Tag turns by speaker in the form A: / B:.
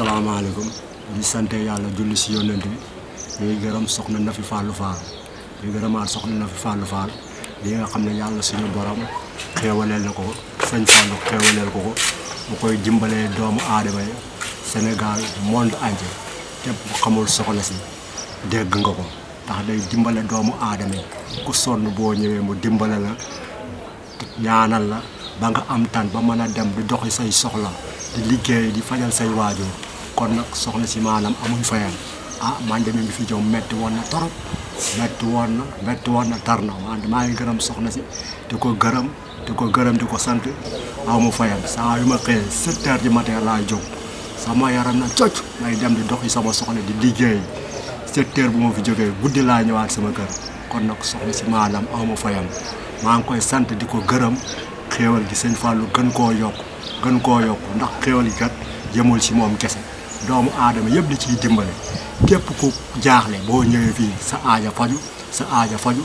A: salaamaaleykum di sant yàlla julli si yonent bi ñuy gërëm soxna Nafi Fallou Fall di gërëmaat soxna Nafi Fallou Fall li nga xam ne yàlla suñu borom xéewaleel na ko sëñ Fallou xéewaleel ko ko bu koy dimbalee doomu aadama yi Sénégal monde entier képp xamul soxla si dégg nga ko ndax day dimbale doomu aadama yi ku sonn boo ñëwee mu dimbale la ñaanal la ba nga am tan ba mën a dem di doxi say soxla di liggéey di fajal say waajur kon nag soxna si maanaam amuñ fayam ah man de mi ngi fi jëm woon na torop woon na tar na man maa ngi gërëm soxna si di ko gërëm di ko gërëm di ko sant aw ma fayam saa yu ma xëyee sept heures du laa jóg sama yaram na cocc may dem di yi sama soxna di liggéey sept heures bu ma fi guddi laa ñëwaat sama kër kon nag soxna si maanaam aw ma fayam maa ngi koy sant di ko gërëm xéewal gi sëñ Fallou gën koo yokk gën koo yokk ndax xéewal gi kat jëmul si moom kese doomu aadama yëpp li ciy dimbale képp ku jaaxle boo ñëwee fii sa aaja
B: faju sa aaja faju